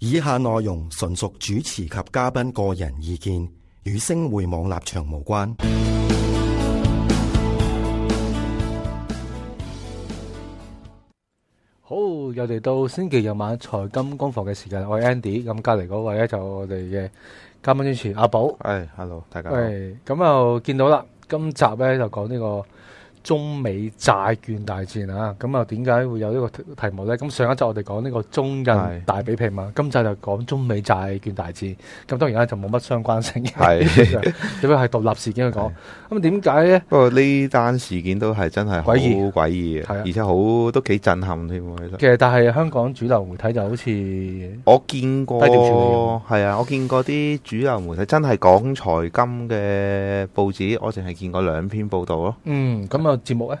以下內容純屬主持及嘉賓個人意見，與星匯網立場無關。好，又嚟到星期日晚財金工房嘅時間，我係 Andy，咁隔籬嗰位咧就我哋嘅嘉賓主持阿寶。係、hey,，hello，大家好。咁、哎、又見到啦，今集咧就講呢、這個。中美債券大戰啊！咁啊，點解會有呢個題目咧？咁上一集我哋講呢個中印大比拼嘛，今集就講中美債券大戰。咁當然咧就冇乜相關性嘅，只不過係獨立事件去講。咁點解咧？不過呢單事件都係真係鬼異鬼異嘅，而且好都幾震撼添。其實，但係香港主流媒體就好似我見過，係啊，我見過啲主流媒體真係講財金嘅報紙，我淨係見過兩篇報道咯。嗯，咁啊。節目咧？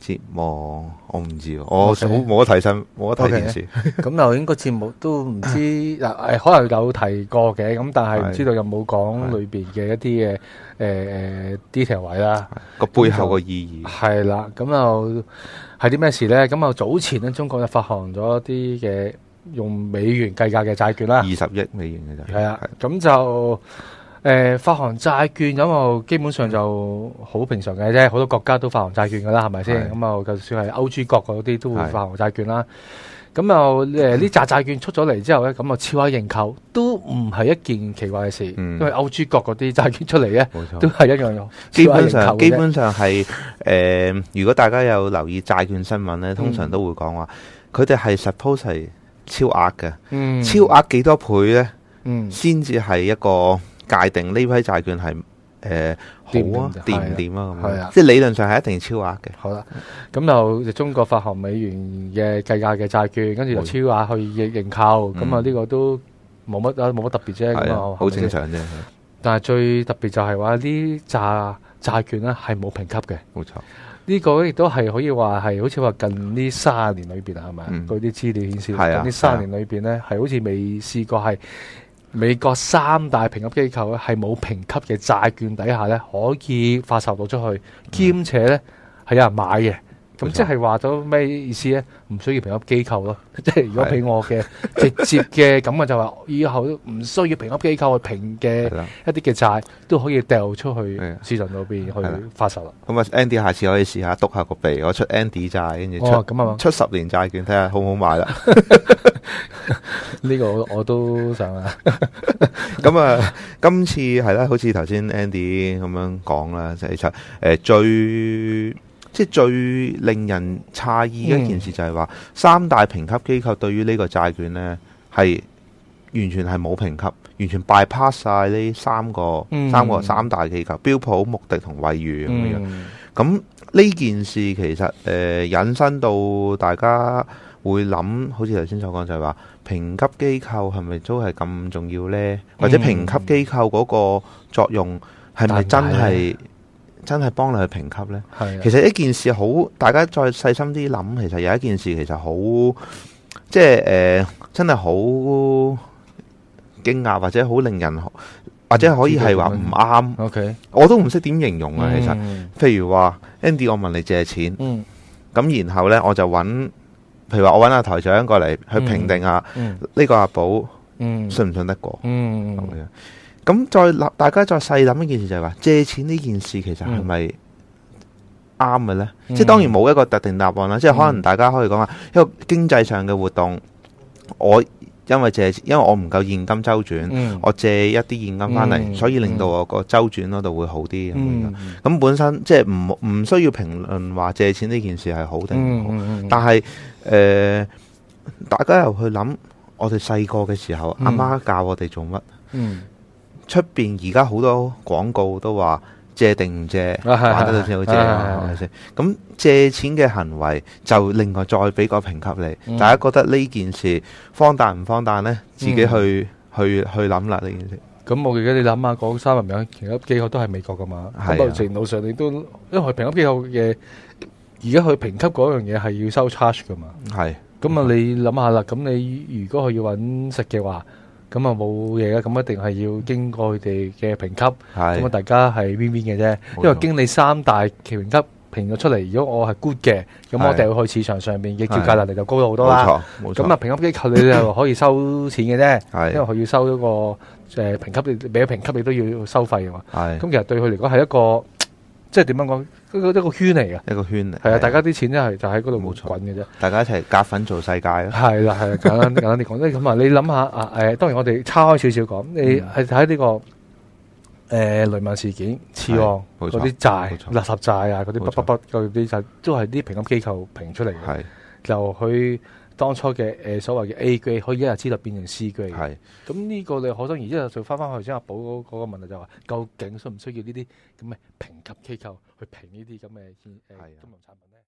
節目我唔知喎，我冇冇得睇新，冇得睇電視。咁又應該節目都唔知嗱，係可能有提過嘅，咁但係唔知道有冇講裏邊嘅一啲嘅誒 detail 位啦。個背後嘅意義係啦，咁又係啲咩事咧？咁又早前咧，中國就發行咗啲嘅用美元計價嘅債券啦，二十億美元嘅就係啦，咁就。誒、呃、發行債券咁啊、嗯，基本上就好平常嘅啫。好多國家都發行債券噶啦，係咪先？咁啊、嗯，就算係歐豬國嗰啲都會發行債券啦。咁呢紮債券出咗嚟之後咧，咁啊超額認購都唔係一件奇怪嘅事，因為歐豬國嗰啲債券出嚟咧，都係一樣用。基本上基本上係誒、呃，如果大家有留意債券新聞咧，通常都會講話佢哋係 suppose 係超額嘅，嗯、超額幾多倍咧？先至係一個，界定呢批債券係好啊，掂唔掂啊？咁樣，即係理論上係一定要超額嘅。好啦，咁就中國發行美元嘅計價嘅債券，跟住就超額去認購，咁啊呢個都冇乜冇乜特別啫，好正常啫。但係最特別就係話啲債債券咧係冇評級嘅，冇錯。呢個亦都係可以話係好似話近呢三十年裏面啊，係咪？嗯。據啲資料顯示，近呢三十年裏面咧係好似未試過係。美國三大評級機構係冇評級嘅債券底下咧，可以發售到出去，兼且咧係有人買嘅。咁即係話咗咩意思咧？唔需要評級機構咯，即、就、係、是、如果俾我嘅直接嘅咁啊，就 話以後唔需要評級機構去評嘅一啲嘅債都可以掉出去市場裏面去發售啦。咁啊，Andy，下次可以試下督下個鼻，我出 Andy 債，跟住出、哦、出十年債券睇下好唔好買啦。呢 個我，我都想啊。咁啊，今次係啦，好似頭先 Andy 咁樣講啦，就係、是、誒、呃、最即係最令人詫異嘅一件事就係話，三大評級機構對於呢個債券呢係完全係冇評級，完全 bypass 晒呢三個、三、嗯、個三大機構，標普、穆迪同惠譽咁樣。咁、嗯、呢件事其實誒、呃、引申到大家會諗，好似頭先所講就係話，評級機構係咪都係咁重要呢、嗯、或者評級機構嗰個作用係咪真係？真係幫你去評級呢？其實一件事好，大家再細心啲諗，其實有一件事其實好，即係、呃、真係好驚訝，或者好令人，或者可以係話唔啱。OK，我都唔識點形容啊，其實，譬、嗯、如話 Andy，我問你借錢，咁、嗯、然後呢，我就揾，譬如話我揾阿台長過嚟去評定下、啊、呢、嗯嗯呢個阿寶，信唔信得過？嗯，嗯，嗯咁再大家再細諗一件事，就係，就係話借錢呢件事，其實係咪啱嘅呢？嗯、即係當然冇一個特定答案啦、嗯。即係可能大家可以講話，一個經濟上嘅活動，我因為借，因為我唔夠現金周轉、嗯，我借一啲現金翻嚟、嗯，所以令到我個周轉嗰度會好啲咁，咁本身即係唔唔需要評論話借錢呢件事係好定唔好，嗯嗯、但係誒、呃，大家又去諗，我哋細個嘅時候，阿媽教我哋做乜？嗯嗯出面而家好多廣告都話借定唔借，還、啊、得到先好借，係咪先？咁借錢嘅行為就另外再俾個評級你。嗯、大家覺得呢件事方大唔方大咧？自己去、嗯、去去諗啦，呢件事。咁、嗯、我而家你諗下，講、那個、三大評級機構都係美國噶嘛？好多程度上你都，因為評級機構嘅而家去評級嗰樣嘢係要收 charge 噶嘛？係。咁啊、嗯，你諗下啦。咁你如果佢要揾食嘅話咁啊，冇嘢啦，咁一定係要經過佢哋嘅評級，咁啊大家係 win win 嘅啫。因為經你三大評級評咗出嚟，如果我係 good 嘅，咁我掟去市場上面嘅叫價能力就高咗好多啦。冇錯，冇錯。咁啊，評級機構你就可以收錢嘅啫，因為佢要收一個誒評級，你畀咗評級你都要收費嘅嘛。係。咁其實對佢嚟講係一個，即係點樣講？一個圈嚟嘅，一個圈嚟，係啊！大家啲錢真係就喺嗰度冇滾嘅啫，大家一齊夾粉做世界咯。係啦，係啦，簡單 簡單啲講，即係咁啊！你諗下啊，誒，當然我哋差開少少講，你係睇呢個誒、呃、雷曼事件、次按，嗰啲債、垃圾債啊，嗰啲不不不，嗰啲就都係啲評級機構評出嚟嘅，係就去。當初嘅誒、呃、所謂嘅 A 級可以一日之內變成 C 級，係咁，呢個你可想而知，就翻翻去張阿寶嗰個問題，就話、是、究竟需唔需要呢啲咁嘅評級機構去評呢啲咁嘅誒金融產品咧？